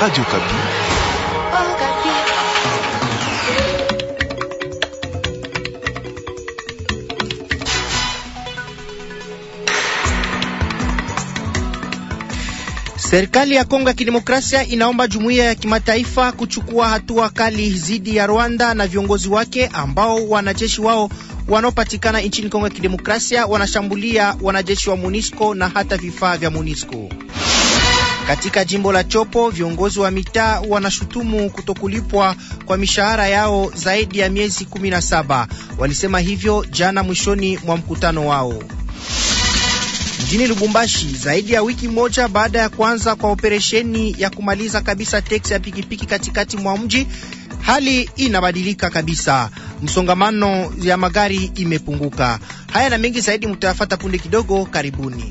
Radio Kapi. Serikali ya Kongo ya Kidemokrasia inaomba jumuiya ya kimataifa kuchukua hatua kali dhidi ya Rwanda na viongozi wake ambao wanajeshi wao wanaopatikana nchini Kongo ya Kidemokrasia wanashambulia wanajeshi wa MONUSCO na hata vifaa vya MONUSCO. Katika jimbo la Chopo, viongozi wa mitaa wanashutumu kutokulipwa kwa mishahara yao zaidi ya miezi 17. Walisema hivyo jana mwishoni mwa mkutano wao mjini Lubumbashi, zaidi ya wiki moja baada ya kuanza kwa operesheni ya kumaliza kabisa teksi ya pikipiki katikati mwa mji. Hali inabadilika kabisa, msongamano ya magari imepunguka. Haya na mengi zaidi mutayafata punde kidogo. Karibuni.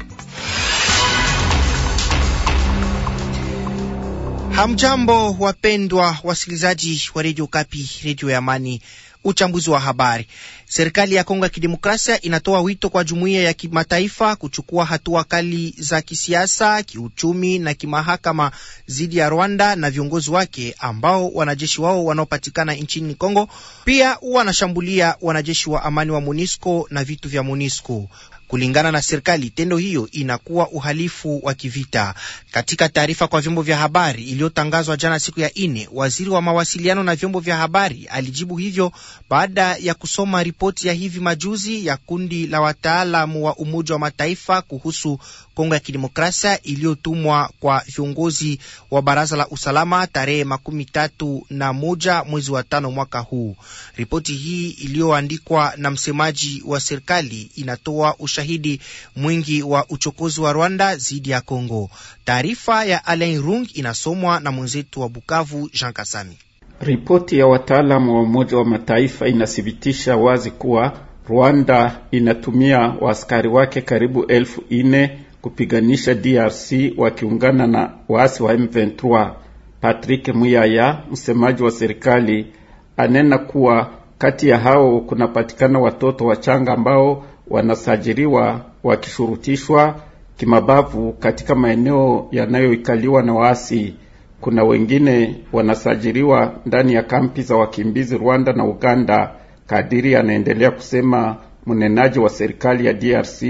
Hamjambo, wapendwa wasikilizaji wa redio Kapi, redio ya Amani. Uchambuzi wa habari Serikali ya Kongo ya Kidemokrasia inatoa wito kwa jumuiya ya kimataifa kuchukua hatua kali za kisiasa, kiuchumi na kimahakama dhidi ya Rwanda na viongozi wake ambao wanajeshi wao wanaopatikana nchini Kongo pia wanashambulia wanajeshi wa amani wa MONUSCO na vitu vya MONUSCO. Kulingana na serikali, tendo hiyo inakuwa uhalifu wa kivita. Katika taarifa kwa vyombo vya habari iliyotangazwa jana siku ya ine, waziri wa mawasiliano na vyombo vya habari alijibu hivyo baada ya kusoma ripoti ya hivi majuzi ya kundi la wataalamu wa Umoja wa Mataifa kuhusu Kongo ya Kidemokrasia iliyotumwa kwa viongozi wa Baraza la Usalama tarehe makumi tatu na moja mwezi wa tano mwaka huu. Ripoti hii iliyoandikwa na msemaji wa serikali inatoa ushahidi mwingi wa uchokozi wa Rwanda dhidi ya Kongo. Taarifa ya Alain Rung inasomwa na mwenzetu wa Bukavu Jean Kasami. Ripoti ya wataalamu wa Umoja wa Mataifa inathibitisha wazi kuwa Rwanda inatumia waaskari wake karibu elfu ine kupiganisha DRC wakiungana na waasi wa M23. Patrick Muyaya, msemaji wa serikali, anena kuwa kati ya hao kunapatikana watoto wachanga ambao wanasajiriwa wakishurutishwa kimabavu katika maeneo yanayoikaliwa na waasi. Kuna wengine wanasajiliwa ndani ya kampi za wakimbizi Rwanda na Uganda, kadiri anaendelea kusema mnenaji wa serikali ya DRC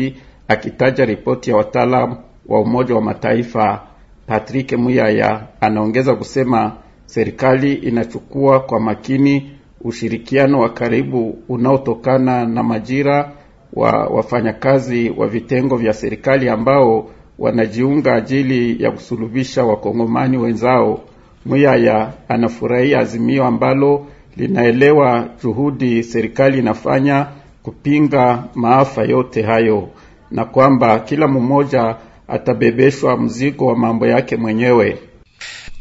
akitaja ripoti ya wataalamu wa Umoja wa Mataifa. Patrick Muyaya anaongeza kusema serikali inachukua kwa makini ushirikiano wa karibu unaotokana na majira wa wafanyakazi wa vitengo vya serikali ambao wanajiunga ajili ya kusulubisha wakongomani wenzao. Muyaya anafurahia azimio ambalo linaelewa juhudi serikali inafanya kupinga maafa yote hayo na kwamba kila mmoja atabebeshwa mzigo wa mambo yake mwenyewe.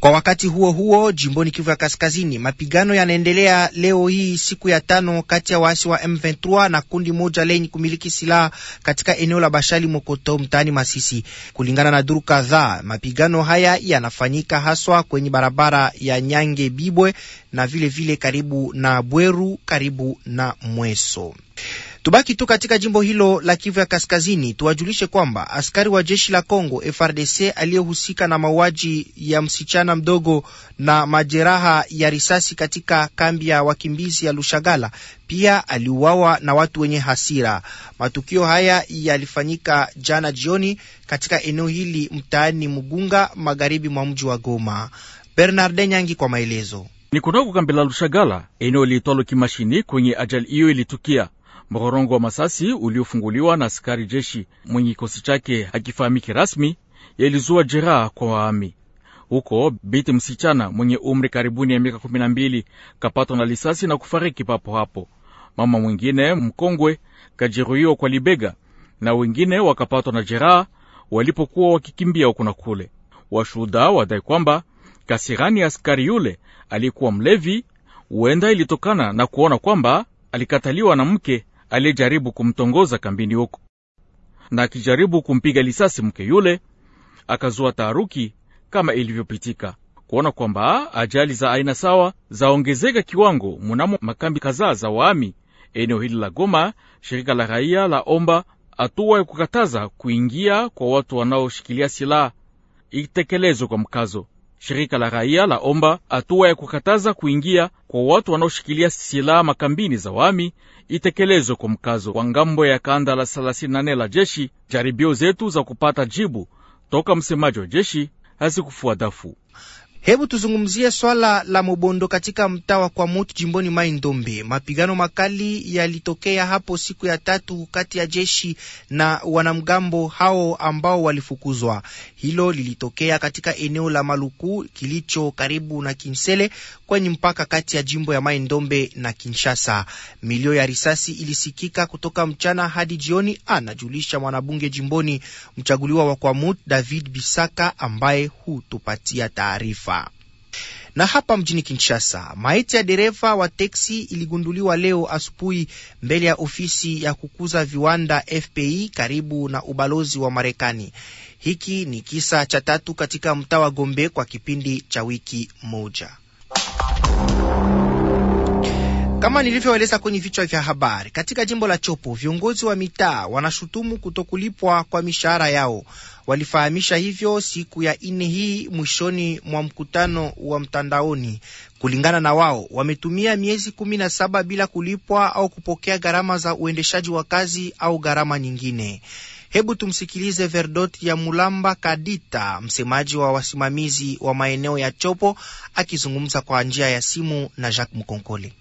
Kwa wakati huo huo, jimboni Kivu ya Kaskazini, mapigano yanaendelea leo hii siku ya tano kati ya waasi wa M23 na kundi moja lenye kumiliki silaha katika eneo la Bashali Mokoto mtaani Masisi. Kulingana na duru kadhaa, mapigano haya yanafanyika haswa kwenye barabara ya Nyange Bibwe na vilevile vile karibu na Bweru karibu na Mweso. Tubaki tu katika jimbo hilo la Kivu ya Kaskazini, tuwajulishe kwamba askari wa jeshi la congo FRDC aliyehusika na mauaji ya msichana mdogo na majeraha ya risasi katika kambi ya wakimbizi ya Lushagala pia aliuawa na watu wenye hasira. Matukio haya yalifanyika jana jioni katika eneo hili mtaani Mugunga, magharibi mwa mji wa Goma. Bernarde Nyangi kwa maelezo. Ni kutoka kambi la Lushagala, eneo liitwalo Kimashini kwenye ajali hiyo ilitukia. Mhorongo wa masasi uliofunguliwa na askari jeshi mwenye kikosi chake hakifahamiki rasmi yalizua jeraha kwa waami huko. biti msichana mwenye umri karibuni ya miaka 12 kapatwa na lisasi na kufariki papo hapo. Mama mwingine mkongwe kajeruhiwa kwa libega na wengine wakapatwa na jeraha walipokuwa wakikimbia huku na kule. Washuhuda wadai kwamba kasirani ya askari yule aliyekuwa mlevi huenda ilitokana na kuona kwamba alikataliwa na mke aliyejaribu kumtongoza kambini huko, na akijaribu kumpiga lisasi mke yule, akazua taharuki kama ilivyopitika kuona kwamba ajali za aina sawa zaongezeka kiwango munamo makambi kadhaa za waami eneo hili la Goma. Shirika la raia la omba hatua ya kukataza kuingia kwa watu wanaoshikilia silaha itekelezwe kwa mkazo. Shirika la raia omba hatua ya kukataza kuingia kwa watu wanaoshikilia silaha makambini za wami itekelezwe kwa mkazo kwa ngambo ya kanda la 34 la jeshi. Jaribio zetu za kupata jibu toka msemaji wa jeshi dafu. Hebu tuzungumzie swala la Mobondo katika mtaa wa Mutu jimboni Mai Ndombe. Mapigano makali yalitokea hapo siku ya tatu kati ya jeshi na wanamgambo hao ambao walifukuzwa. Hilo lilitokea katika eneo la Maluku kilicho karibu na Kinsele kwenye mpaka kati ya jimbo ya Mai Ndombe na Kinshasa. Milio ya risasi ilisikika kutoka mchana hadi jioni, anajulisha mwanabunge jimboni mchaguliwa wa Mutu David Bisaka ambaye hutupatia taarifa. Na hapa mjini Kinshasa, maiti ya dereva wa teksi iligunduliwa leo asubuhi mbele ya ofisi ya kukuza viwanda FPI karibu na ubalozi wa Marekani. Hiki ni kisa cha tatu katika mtaa wa Gombe kwa kipindi cha wiki moja. Kama nilivyoeleza kwenye vichwa vya habari, katika jimbo la Chopo viongozi wa mitaa wanashutumu kutokulipwa kwa mishahara yao. Walifahamisha hivyo siku ya ine hii mwishoni mwa mkutano wa mtandaoni. Kulingana na wao, wametumia miezi kumi na saba bila kulipwa au kupokea gharama za uendeshaji wa kazi au gharama nyingine. Hebu tumsikilize Verdot ya Mulamba Kadita, msemaji wa wasimamizi wa maeneo ya Chopo, akizungumza kwa njia ya simu na Jacques Mkonkole.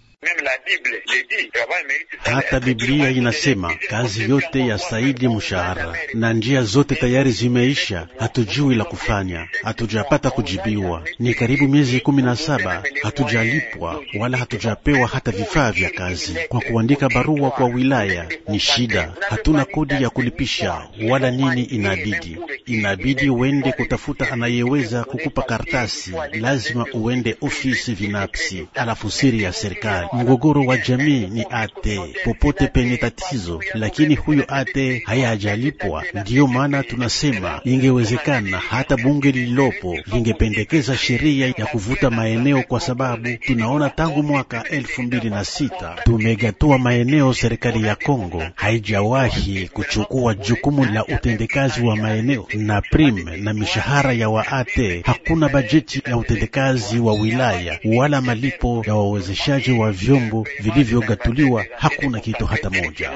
Hata Biblia inasema kazi yote ya saidi mshahara, na njia zote tayari zimeisha. Hatujui la kufanya, hatujapata kujibiwa. Ni karibu miezi kumi na saba hatujalipwa wala hatujapewa hata vifaa vya kazi. Kwa kuandika barua kwa wilaya ni shida, hatuna kodi ya kulipisha wala nini. Inabidi inabidi uende kutafuta anayeweza kukupa karatasi, lazima uende ofisi vinapsi alafu siri ya serikali Mgogoro wa jamii ni ate popote penye tatizo, lakini huyo ate hayajalipwa. Ndiyo maana tunasema ingewezekana hata bunge lililopo lingependekeza sheria ya kuvuta maeneo, kwa sababu tunaona tangu mwaka elfu mbili na sita tumegatua maeneo. Serikali ya Kongo haijawahi kuchukua jukumu la utendekazi wa maeneo na prime na mishahara ya waate. Hakuna bajeti ya utendekazi wa wilaya wala malipo ya wawezeshaji wa vyombo vilivyogatuliwa hakuna kitu hata moja.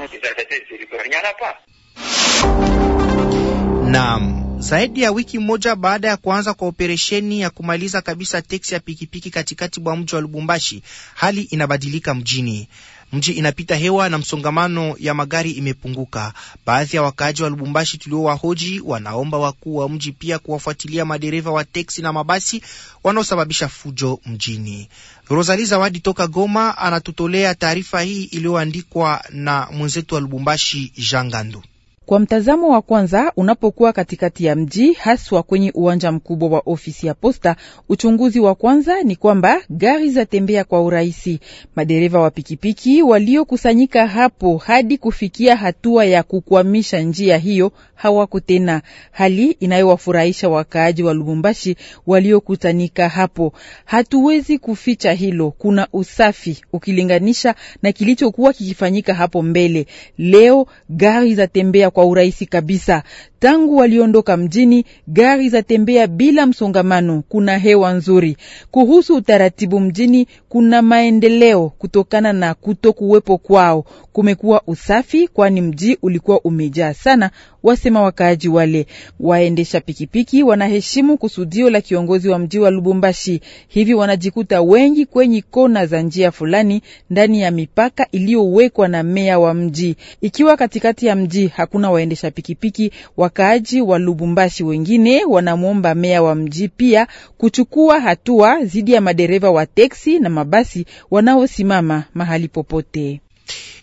Naam. Zaidi ya wiki moja baada ya kuanza kwa operesheni ya kumaliza kabisa teksi ya pikipiki katikati mwa mji wa Lubumbashi, hali inabadilika mjini mji inapita hewa na msongamano ya magari imepunguka. Baadhi ya wakaaji wa Lubumbashi tuliowahoji wanaomba wakuu wa mji pia kuwafuatilia madereva wa teksi na mabasi wanaosababisha fujo mjini. Rosali Zawadi toka Goma anatutolea taarifa hii iliyoandikwa na mwenzetu wa Lubumbashi, Jangandu. Kwa mtazamo wa kwanza, unapokuwa katikati ya mji, haswa kwenye uwanja mkubwa wa ofisi ya posta, uchunguzi wa kwanza ni kwamba gari zatembea kwa urahisi. Madereva wa pikipiki waliokusanyika hapo hadi kufikia hatua ya kukwamisha njia hiyo hawako tena, hali inayowafurahisha wakaaji wa Lubumbashi waliokutanika hapo. Hatuwezi kuficha hilo, kuna usafi ukilinganisha na kilichokuwa kikifanyika hapo mbele. Leo gari zatembea kwa urahisi kabisa. Tangu waliondoka mjini, gari zatembea bila msongamano, kuna hewa nzuri. Kuhusu utaratibu mjini, kuna maendeleo kutokana na kuto kuwepo kwao. Kumekuwa usafi, kwani mji ulikuwa umejaa sana, wasema wakaaji wale. Waendesha pikipiki wanaheshimu kusudio la kiongozi wa mji wa Lubumbashi, hivi wanajikuta wengi kwenye kona za njia fulani ndani ya mipaka iliyowekwa na meya wa mji. Ikiwa katikati ya mji hakuna waendesha pikipiki wa wakaaji wa Lubumbashi wengine wanamwomba meya wa mji pia kuchukua hatua dhidi ya madereva wa teksi na mabasi wanaosimama mahali popote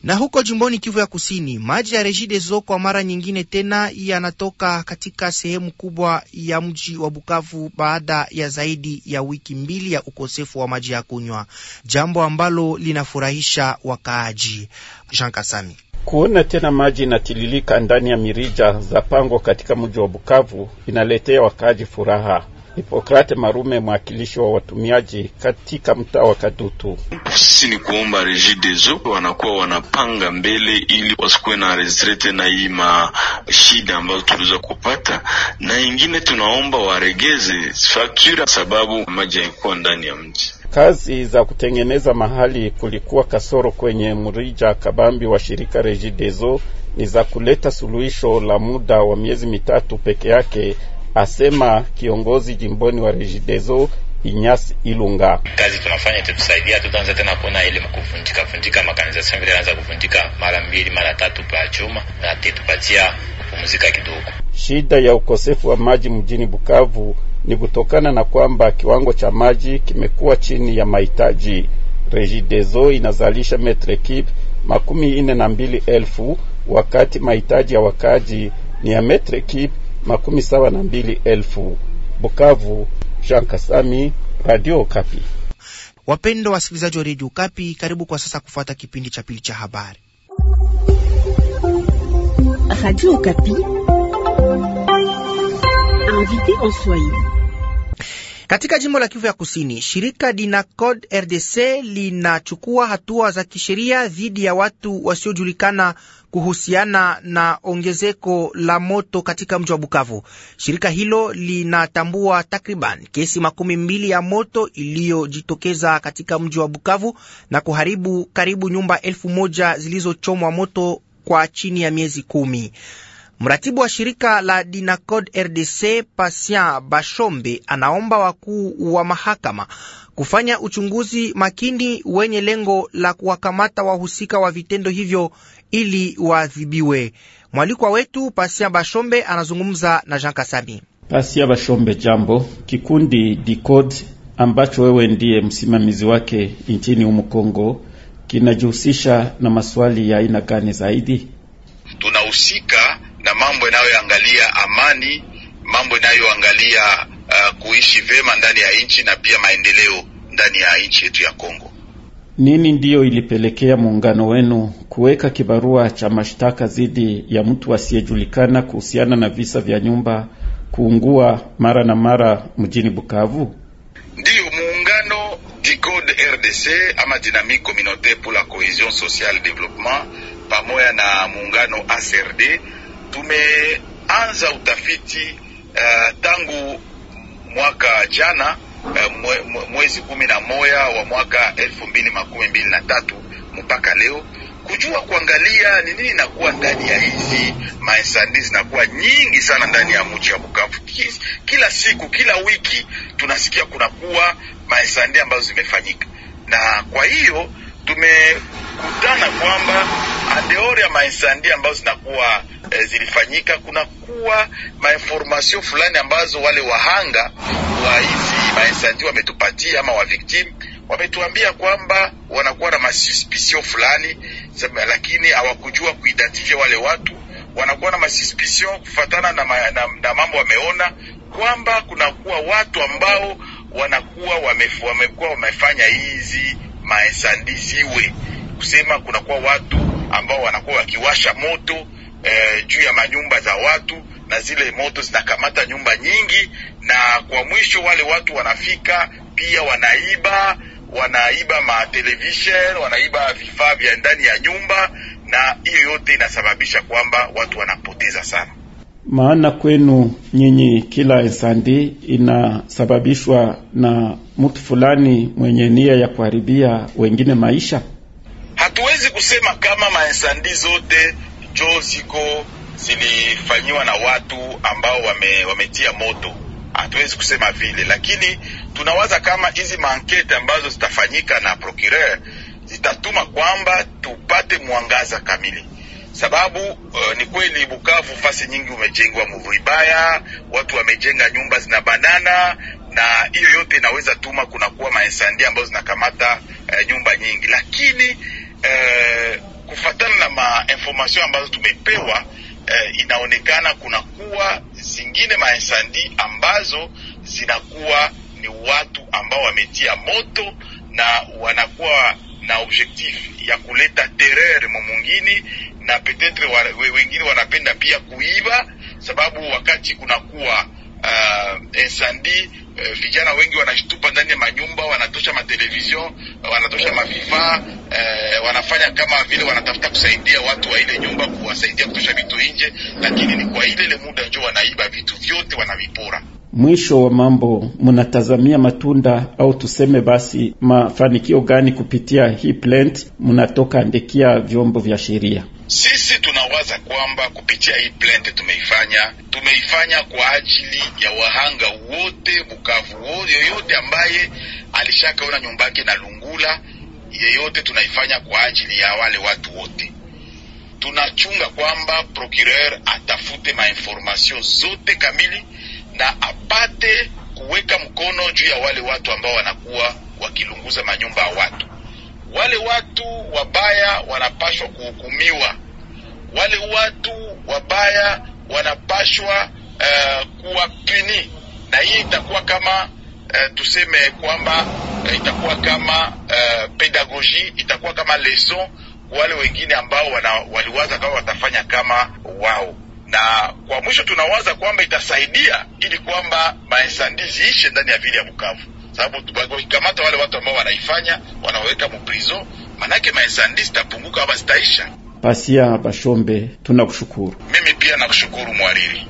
na huko jimboni Kivu ya Kusini, maji ya Regideso kwa mara nyingine tena yanatoka katika sehemu kubwa ya mji wa Bukavu baada ya zaidi ya wiki mbili ya ukosefu wa maji ya kunywa, jambo ambalo linafurahisha wakaaji. Jean Kasami Kuona tena maji inatililika ndani ya mirija za pango katika mji wa Bukavu inaletea wakaaji furaha. Hipokrate Marume, mwakilishi wa watumiaji katika mtaa wa Kadutu. Sisi ni kuomba Regideso wanakuwa wanapanga mbele ili wasikuwe na restrete na hii mashida ambazo tuliweza kupata, na ingine tunaomba waregeze faktura sababu maji haikuwa ndani ya mji kazi za kutengeneza mahali kulikuwa kasoro kwenye mrija kabambi wa shirika Regideso ni za kuleta suluhisho la muda wa miezi mitatu peke yake asema kiongozi jimboni wa Regideso Inyas Ilunga. Kazi tunafanya itatusaidia, tutaanza tena kuona ile kuvunjika vunjika makanisa vile anaanza kuvunjika mara mbili mara tatu pa chuma na tetupatia kupumzika kidogo. Shida ya ukosefu wa maji mjini Bukavu ni kutokana na kwamba kiwango cha maji kimekuwa chini ya mahitaji. Regideso inazalisha metre kipe makumi ine na mbili elfu wakati mahitaji ya wakaji ni ya metre kipe makumi saba na mbili elfu. Bukavu, Jean Kasami, Radio Kapi. Wapendwa wasikilizaji wa Radio Kapi, karibu kwa sasa kufuata kipindi cha pili cha habari. Radio Kapi. Invité en Swahili. Katika jimbo la Kivu ya Kusini, shirika Dinacod RDC linachukua hatua za kisheria dhidi ya watu wasiojulikana kuhusiana na ongezeko la moto katika mji wa Bukavu. Shirika hilo linatambua takriban kesi makumi mbili ya moto iliyojitokeza katika mji wa Bukavu na kuharibu karibu nyumba elfu moja zilizochomwa moto kwa chini ya miezi kumi. Mratibu wa shirika la Dinacod RDC Patient Bashombe anaomba wakuu wa mahakama kufanya uchunguzi makini wenye lengo la kuwakamata wahusika wa vitendo hivyo ili waadhibiwe. Mwalikwa wetu Pasia Bashombe anazungumza na Jean Kasami. Pasia Bashombe, jambo. Kikundi DICODE ambacho wewe ndiye msimamizi wake nchini humu Kongo kinajihusisha na maswali ya aina gani zaidi? Tunahusika na mambo yanayoangalia amani, mambo yanayoangalia uh, kuishi vema ndani ya nchi na pia maendeleo ndani ya nchi yetu ya Kongo. Nini ndiyo ilipelekea muungano wenu kuweka kibarua cha mashtaka dhidi ya mtu asiyejulikana kuhusiana na visa vya nyumba kuungua mara na mara mjini Bukavu? Ndiyo muungano DICODE RDC ama Dynamique Communauté pour la Cohésion Sociale Développement pamoja na muungano ACRD tumeanza utafiti uh, tangu mwaka jana Eh, mwezi kumi na moya wa mwaka elfu mbili makumi mbili na tatu mpaka leo kujua kuangalia ni nini inakuwa ndani ya hizi maesandi zinakuwa nyingi sana ndani ya mji ya Bukavu. Kila siku kila wiki tunasikia kunakuwa maesandi ambazo zimefanyika, na kwa hiyo tumekutana kwamba adeori ya maisandi ambazo zinakuwa e, zilifanyika kunakuwa mainformasio fulani ambazo wale wahanga wa hizi maisandi wametupatia ama waviktimu wametuambia kwamba wanakuwa na masuspisio fulani, lakini hawakujua kuidentifia wale watu. Wanakuwa na masuspisio kufatana na, ma, na, na mambo wameona kwamba kunakuwa watu ambao wanakuwa wamekuwa wamefanya hizi maesandiziwe, kusema kunakuwa watu ambao wanakuwa wakiwasha moto eh, juu ya manyumba za watu na zile moto zinakamata nyumba nyingi, na kwa mwisho wale watu wanafika pia wanaiba wanaiba ma television wanaiba vifaa vya ndani ya nyumba, na hiyo yote inasababisha kwamba watu wanapoteza sana maana kwenu nyinyi kila esandi inasababishwa na mtu fulani mwenye nia ya kuharibia wengine maisha. Hatuwezi kusema kama maesandi zote jo ziko zilifanyiwa na watu ambao wame, wametia moto. Hatuwezi kusema vile, lakini tunawaza kama hizi maankete ambazo zitafanyika na procureur zitatuma kwamba tupate mwangaza kamili sababu uh, ni kweli Bukavu fasi nyingi umejengwa mvibaya, watu wamejenga nyumba zina banana na hiyo yote inaweza tuma kunakuwa maesandi ambazo zinakamata uh, nyumba nyingi, lakini uh, eh, kufatana na mainformation ambazo tumepewa uh, inaonekana kunakuwa zingine maesandi ambazo zinakuwa ni watu ambao wametia moto na wanakuwa na objectif ya kuleta terreur momungini, na petetre wengine wanapenda pia kuiba, sababu wakati kunakuwa uh, insandi uh, vijana wengi wanashtupa ndani ya manyumba, wanatosha matelevision, wanatosha mavifaa uh, wanafanya kama vile wanatafuta kusaidia watu wa ile nyumba, kuwasaidia kutosha vitu nje, lakini ni kwa ile ile muda njo wanaiba vitu vyote, wanavipora mwisho wa mambo munatazamia matunda au tuseme basi mafanikio gani kupitia hii plant munatoka andikia vyombo vya sheria? Sisi tunawaza kwamba kupitia hii plant tumeifanya tumeifanya kwa ajili ya wahanga wote Bukavu, yoyote ambaye alishakaona yake na lungula yeyote, tunaifanya kwa ajili ya wale watu wote tunachunga kwamba procureur atafute mainformasion zote kamili na apate kuweka mkono juu ya wale watu ambao wanakuwa wakilunguza manyumba ya watu. Wale watu wabaya wanapashwa kuhukumiwa, wale watu wabaya wanapashwa uh, kuwapini, na hii itakuwa kama uh, tuseme kwamba uh, itakuwa kama uh, pedagoji, itakuwa kama leson wale wengine ambao wana, waliwaza kama watafanya kama wao na kwa mwisho tunawaza kwamba itasaidia ili kwamba maesandi ziishe ndani ya vile ya Bukavu, sababu wakikamata wale watu ambao wanaifanya wanaweka muprizo, manake maesandi zitapunguka ama zitaisha. Pasia Bashombe, tunakushukuru. Mimi pia nakushukuru mwariri.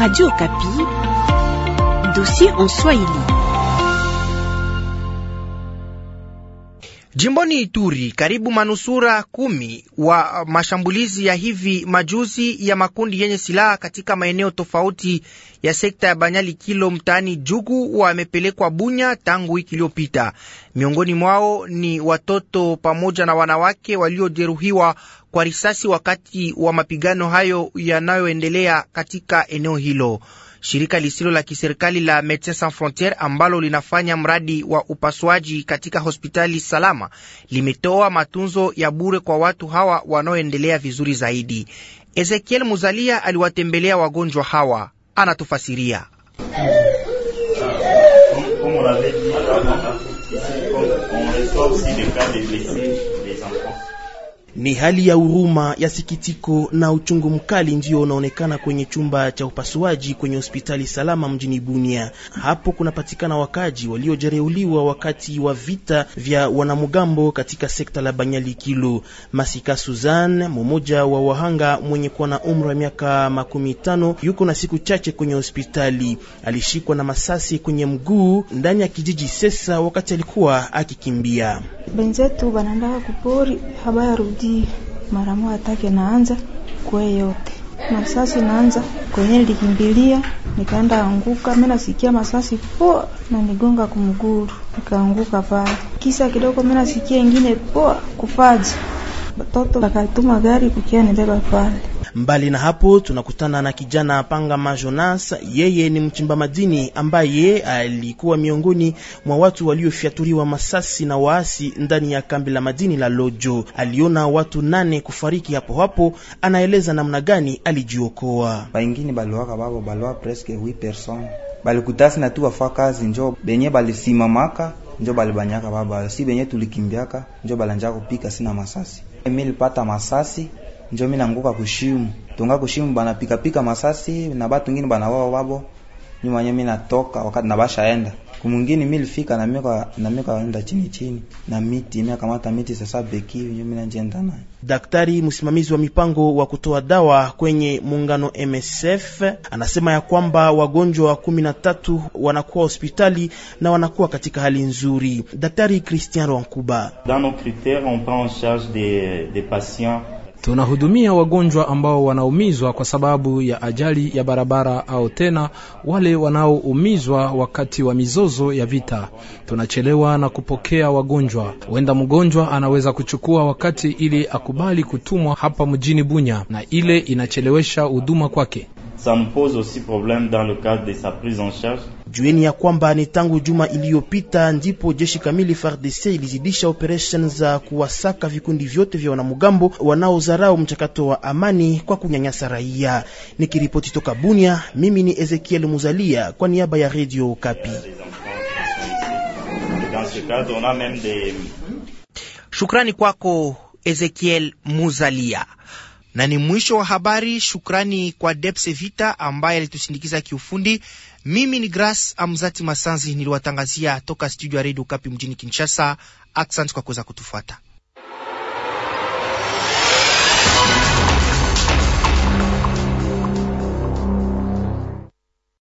Radio Kapi, dossier en Swahili. Jimboni Ituri, karibu manusura kumi wa mashambulizi ya hivi majuzi ya makundi yenye silaha katika maeneo tofauti ya sekta ya Banyali Kilo mtaani Jugu wamepelekwa Bunya tangu wiki iliyopita. Miongoni mwao ni watoto pamoja na wanawake waliojeruhiwa kwa risasi wakati wa mapigano hayo yanayoendelea katika eneo hilo. Shirika lisilo la kiserikali la Medecins Sans Frontieres ambalo linafanya mradi wa upasuaji katika hospitali salama limetoa matunzo ya bure kwa watu hawa wanaoendelea vizuri zaidi. Ezekiel Muzalia aliwatembelea wagonjwa hawa, anatufasiria. Ni hali ya huruma ya sikitiko na uchungu mkali ndiyo unaonekana kwenye chumba cha upasuaji kwenye hospitali salama mjini Bunia. Hapo kunapatikana wakaji waliojereuliwa wakati wa vita vya wanamgambo katika sekta la Banyali Kilo. Masika Suzan, mmoja wa wahanga mwenye kuwa na umri wa miaka makumi tano, yuko na siku chache kwenye hospitali. Alishikwa na masasi kwenye mguu ndani ya kijiji Sesa wakati alikuwa akikimbia. Benzetu banandaka kupori risasi mara moja atake naanza kwe yote masasi naanza kwenye likimbilia nikaenda anguka, mimi nasikia masasi poa oh, na nigonga kumguru, nikaanguka pale. Kisa kidogo mimi nasikia ingine poa oh, kufaji watoto wakatuma gari kukia nibeba pale Mbali na hapo, tunakutana na kijana Panga Majonas. Yeye ni mchimba madini ambaye alikuwa miongoni mwa watu waliofyaturiwa masasi na waasi ndani ya kambi la madini la Lojo. Aliona watu nane kufariki hapo hapo. Anaeleza namna gani alijiokoa. Baingini baliwaka babo baliwa presque 8 personnes balikutasi na tu wafa kazi njo benye balisimamaka njo balibanyaka baba si benye tulikimbiaka njo balanja kupika sina masasi. Mimi nilipata masasi njo mimi nanguka kushimu tunga kushimu bana pika pika masasi na watu wengine bana wao wabo nyuma nyuma mimi natoka wakati nabasha enda kumwingine mimi nilifika na mimi na mimi kaenda chini chini na miti mimi kamata miti sasa beki nyuma mimi najenda naye Daktari msimamizi wa mipango wa kutoa dawa kwenye muungano MSF anasema ya kwamba wagonjwa kumi na tatu wanakuwa hospitali na wanakuwa katika hali nzuri. Daktari Christian Rwankuba: Dans nos critères on prend en charge des des patients Tunahudumia wagonjwa ambao wanaumizwa kwa sababu ya ajali ya barabara au tena wale wanaoumizwa wakati wa mizozo ya vita. Tunachelewa na kupokea wagonjwa, huenda mgonjwa anaweza kuchukua wakati ili akubali kutumwa hapa mjini Bunya, na ile inachelewesha huduma kwake. Ça me pose aussi problème dans le cadre de sa prise en charge Jueni ya kwamba ni tangu juma iliyopita ndipo jeshi kamili FARDC ilizidisha operation za kuwasaka vikundi vyote vya wanamugambo wanaozarau mchakato wa amani kwa kunyanyasa raia. Nikiripoti toka Bunia, mimi ni Ezekiel Muzalia kwa niaba ya Radio Kapi. Shukrani kwako Ezekiel Muzalia na ni mwisho wa habari. Shukrani kwa Depse Vita ambaye alitusindikiza kiufundi. Mimi ni gras Amzati Masanzi niliwatangazia toka studio ya Radio Kapi mjini Kinshasa. Aksanti kwa kuweza kutufuata.